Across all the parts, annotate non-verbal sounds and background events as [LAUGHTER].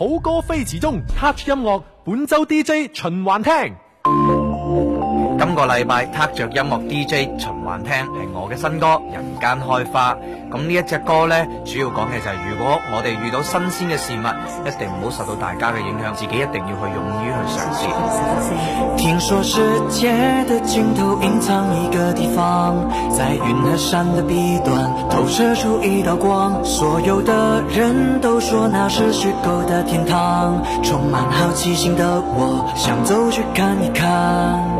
好歌飛馳中，Touch 音樂，本周 DJ 循環聽。一個禮拜撻着音樂 DJ 循環聽，係我嘅新歌《人間開花》。咁呢一隻歌咧，主要講嘅就係如果我哋遇到新鮮嘅事物，一定唔好受到大家嘅影響，自己一定要去勇於去嘗試。聽說世界的盡頭隱藏一個地方，在雲和山的彼端，投射出一道光。所有的人都說那是虛構的天堂，充滿好奇心的我，想走去看一看。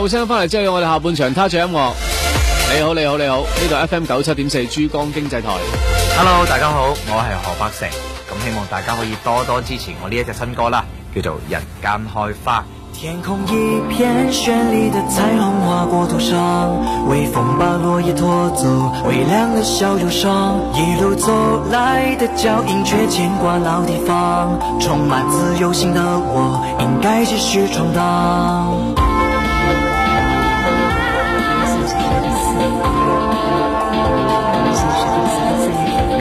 報聲翻嚟之後，我哋下半場他唱音樂。你好，你好，你好！呢度 FM 九七點四珠江經濟台。Hello，大家好，我係何柏誠。咁希望大家可以多多支持我呢一隻新歌啦，叫做《人間開花》。天空一片絢麗的彩虹劃過頭上，微風把落葉拖走，微涼的小路上，一路走來的腳印卻牽掛老地方。充滿自由心的我，應該繼續闖蕩。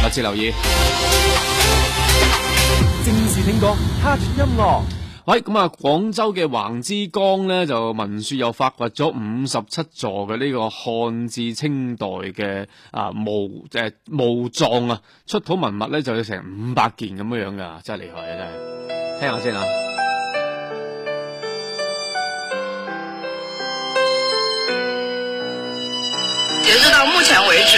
密切留意，正是聽歌，哈特音樂。喂、哎，咁、嗯、啊，廣州嘅橫枝崗咧就聞說又發掘咗五十七座嘅呢個漢至清代嘅啊墓誒墓葬啊，出土文物咧就有成五百件咁樣樣噶，真係厲害啊！真係，聽下先啊。截至到目前為止。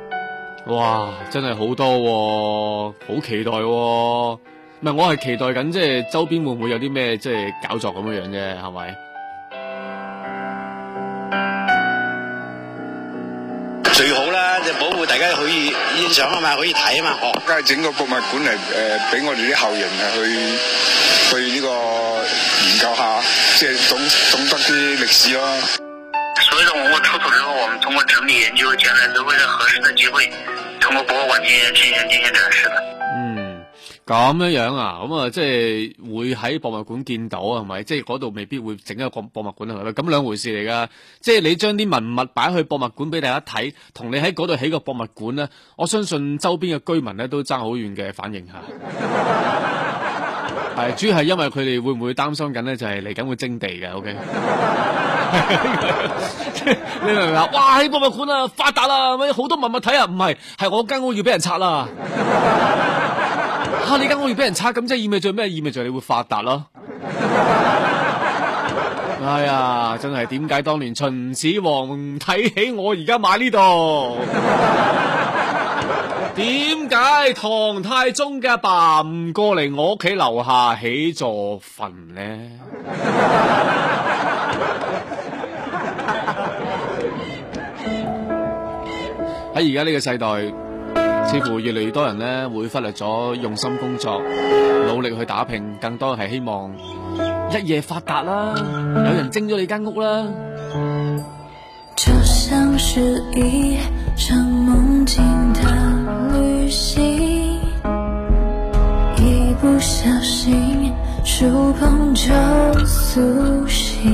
哇，真係好多，好期待。唔係，我係期待緊，即係周邊會唔會有啲咩即係搞作咁樣樣嘅，係咪？最好啦，就保護大家可以欣賞啊嘛，可以睇啊嘛，哦，梗係整個博物館嚟，誒，俾我哋啲後人去去呢個研究下，即係懂懂得啲歷史咯。所有的文物出土之後，我們通過整理研究，將來都會在合適嘅機會。博物館啲千年、千年歷史嘅。嗯，咁樣樣啊，咁啊，即係會喺博物館見到啊，係咪？即係嗰度未必會整一個博博物館啊，係咪？咁兩回事嚟噶。即係你將啲文物擺去博物館俾大家睇，同你喺嗰度起個博物館咧，我相信周邊嘅居民咧都爭好遠嘅反應吓。係， [LAUGHS] 主要係因為佢哋會唔會擔心緊咧？就係嚟緊會徵地嘅。O K。 [LAUGHS] 你明唔明啊？哇，喺博物館啊，發達啦，好多文物睇啊！唔係，係我間屋要俾人拆啦。 [LAUGHS] 啊，你間屋要俾人拆，咁即係意味住咩？意味住你會發達咯。 [LAUGHS] 哎呀，真係點解當年秦始皇睇起我而家買呢度？點解唐太宗嘅爸唔過嚟我屋企樓下起座墳呢？ [LAUGHS] 喺而家呢個世代，似乎越嚟越多人呢，會忽略咗用心工作、努力去打拼，更多係希望一夜發達啦，有人蒸咗你間屋啦。就像是一場夢境的旅行，一不小心觸碰就蘇醒。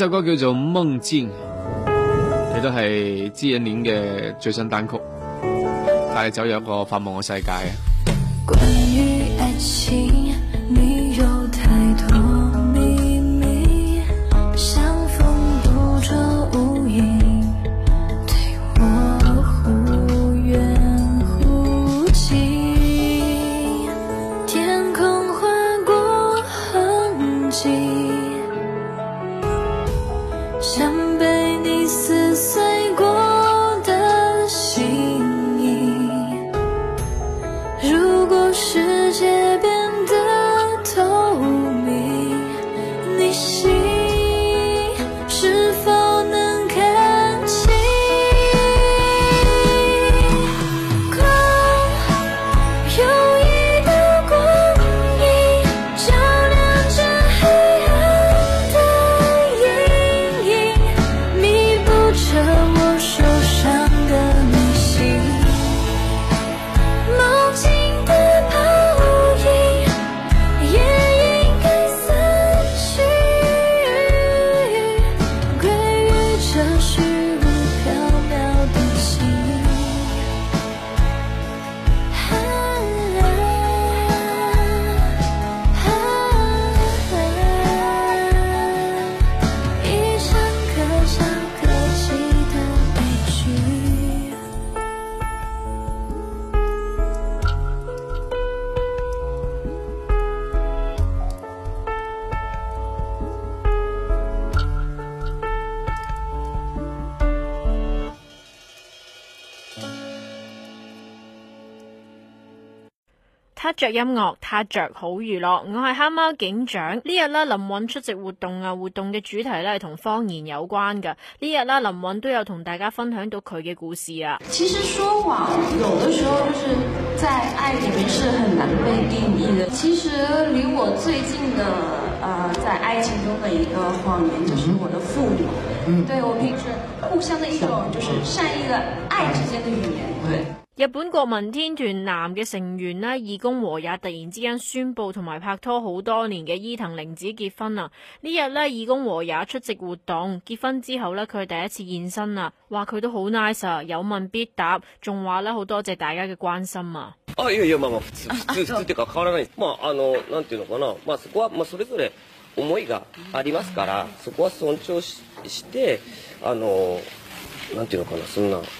這首歌叫做《夢境》，亦都係知影年嘅最新單曲，帶你走入一個發夢嘅世界。關於愛情着音樂，他着好娛樂。我係黑貓警長。呢日呢，林允出席活動啊，活動嘅主題呢，係同方言有關嘅。呢日呢，林允都有同大家分享到佢嘅故事啊。其實說謊，有的時候就是在愛裏面是很難被定義嘅。其實離我最近的，呃，在愛情中的一個謊言，就是我的父母。嗯，對我平時互相的一種就是善意的愛之間的語言，對。日本國民天團男嘅成員呢，二宮和也突然之間宣布同埋拍拖好多年嘅伊藤綾子結婚啦，啊。呢日呢，二宮和也出席活動，like、that, 結婚之後呢，佢係第一次現身啦，話佢都好 nice 啊，有問必答，仲話呢，好多謝大家嘅關心啊，いやいや、まあまあ、普通普通普通っていうか変わらない。まああのなんていうのかな、まあそこはまあそれぞれ思いがありますから、そこは尊重してあのなんていうのかなそんな。 [MUSIC]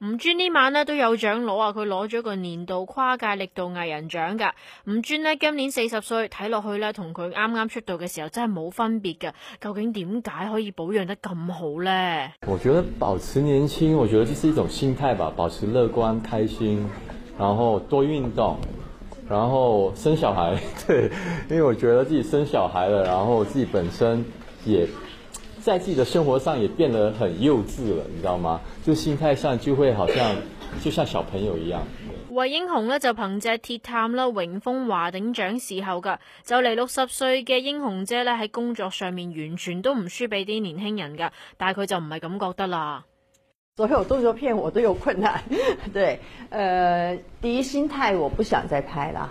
吳尊呢晚呢都有獎攞啊，佢攞咗個年度跨界力度藝人獎噶。吳尊呢今年四十歲，睇落去呢同佢啱啱出道嘅時候真係冇分別噶。究竟點解可以保養得咁好呢？我覺得保持年輕，我覺得就是一種心態吧，保持樂觀開心，然後多運動，然後生小孩。對，因為我覺得自己生小孩了，然後自己本身也。在自己的生活上也變得很幼稚了，你知道嗎？就心態上就會好像就像小朋友一樣。惠英紅呢，就憑借鐵探啦，榮封華鼎獎視後噶，就嚟六十歲嘅英紅姐咧喺工作上面完全都唔輸俾啲年輕人噶，但係佢就唔係咁覺得啦。所有動作片我都有困難，對，誒、呃，啲心態我不想再拍啦。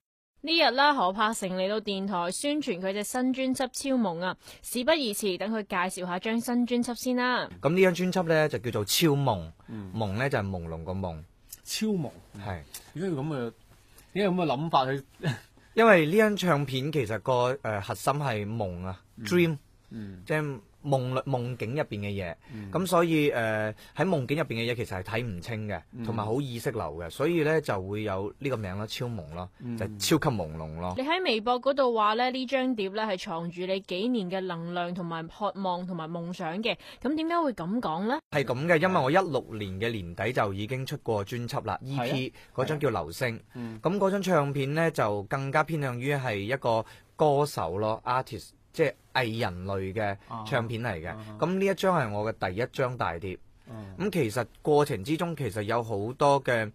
呢日啦，何柏誠嚟到電台宣傳佢隻新專輯《超朦》啊！事不宜遲，等佢介紹下張新專輯先啦。咁呢張專輯咧就叫做《超朦》，嗯，朦咧就係朦朧個朦。超朦係點解要咁嘅？點解咁嘅諗法？佢 [LAUGHS] 因為呢張唱片其實個誒核心係夢啊，dream，嗯，即、嗯、係。就是夢夢境入邊嘅嘢，咁、嗯、所以誒喺、呃、夢境入邊嘅嘢其實係睇唔清嘅，同埋好意識流嘅，所以呢就會有呢個名啦，超朦咯、嗯，就係、超級朦朧咯。你喺微博嗰度話咧呢呢張碟呢係藏住你幾年嘅能量同埋渴望同埋夢想嘅，咁點解會咁講呢？係咁嘅，因為我一六年嘅年底就已經出過專輯啦，EP 嗰、啊、張叫流星。嗯。咁嗰、啊、張唱片呢就更加偏向於係一個歌手咯，artist。即係藝人類嘅唱片嚟嘅，咁、uh-huh. 呢一張係我嘅第一張大碟。咁、uh-huh. 其實過程之中，其實有好多嘅誒、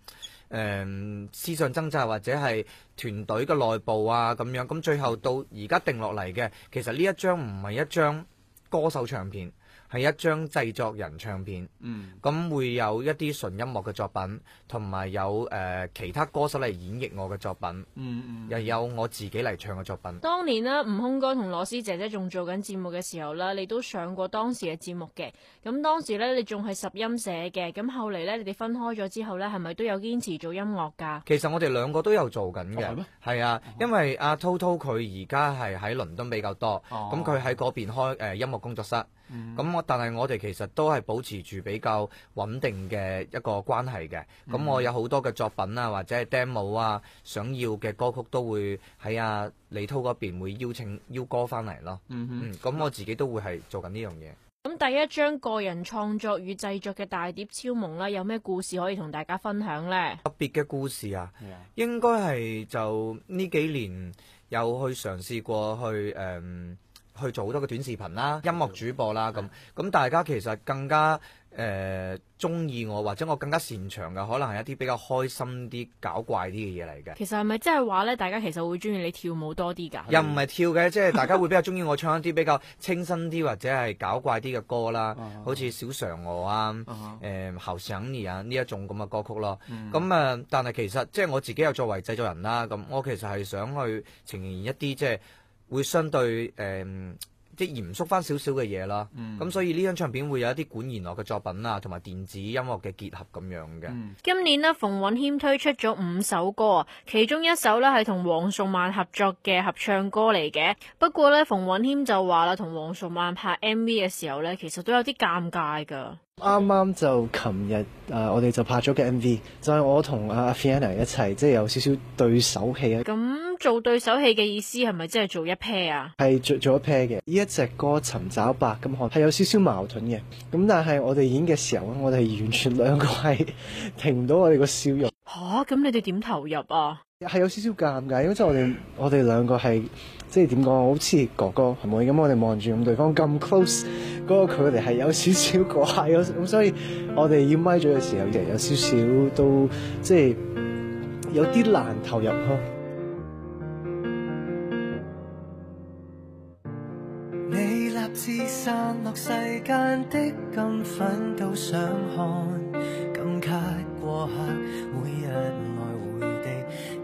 嗯、思想掙扎，或者係團隊嘅內部啊咁樣。咁最後到而家定落嚟嘅，其實呢一張唔係一張歌手唱片。係一張製作人唱片，咁、嗯、會有一啲純音樂嘅作品，同埋有誒、呃、其他歌手嚟演繹我嘅作品、嗯嗯，又有我自己嚟唱嘅作品。當年呢，悟空哥同羅斯姐姐仲做緊節目嘅時候呢，你都上過當時嘅節目嘅。咁當時呢，你仲係十音社嘅。咁後嚟呢，你哋分開咗之後呢，係咪都有堅持做音樂噶？其實我哋兩個都有做緊嘅，係、哦、啊、嗯，因為阿濤濤佢而家係喺倫敦比較多，咁佢喺嗰邊開誒、呃、音樂工作室。咁、嗯、我但係我哋其實都係保持住比較穩定嘅一個關係嘅，咁、嗯、我有好多嘅作品啊，或者係 demo 啊，想要嘅歌曲都會喺阿、啊、李濤嗰邊會邀請邀歌翻嚟咯。嗯、咁、嗯嗯、我自己都會係做緊呢樣嘢。咁第一張個人創作與製作嘅大碟超《超朦》啦，有咩故事可以同大家分享呢？特別嘅故事啊，應該係就呢幾年有去嘗試過去誒。嗯去做好多嘅短視頻啦、音樂主播啦咁，咁、嗯、大家其實更加誒中意我，或者我更加擅長嘅，可能係一啲比較開心啲、搞怪啲嘅嘢嚟嘅。其實係咪即係話咧？大家其實會中意你跳舞多啲㗎、嗯？又唔係跳嘅，即係大家會比較中意我唱一啲比較清新啲 [LAUGHS] 或者係搞怪啲嘅歌啦，啊、好似小嫦娥啊、誒後想兒啊呢一、啊啊啊啊啊、種咁嘅歌曲咯。咁、嗯、啊，但係其實即係我自己又作為製作人啦，咁我其實係想去呈現一啲即係。會相對誒、呃，即係嚴肅翻少少嘅嘢啦。咁、嗯、所以呢張唱片會有一啲管弦樂嘅作品啊，同埋電子音樂嘅結合咁樣嘅、嗯。今年呢，馮允謙推出咗五首歌啊，其中一首呢係同黃崇曼合作嘅合唱歌嚟嘅。不過呢，馮允謙就話啦，同黃崇曼拍 MV 嘅時候呢，其實都有啲尷尬噶。啱啱就琴日誒，我哋就拍咗嘅 MV，就係我同阿 Fiona 一齊，即係有少少對手戲啊。咁做對手戲嘅意思係咪即係做一 pair 啊？係做做一 pair 嘅，呢一隻歌尋找白咁，可係有少少矛盾嘅。咁但係我哋演嘅時候咧，我哋完全兩個係停唔到我哋個笑容。吓，咁你哋點投入啊？係有少少尷尬，因為即係我哋我哋兩個係即係點講，好似哥哥係咪？咁，我哋望住咁對方咁 close，嗰個距離係有少少怪，有咁所以我哋要咪咗嘅時候，其實有少少都即係有啲難投入咯。你立志散落世間的金粉都想看，更恰過客每日，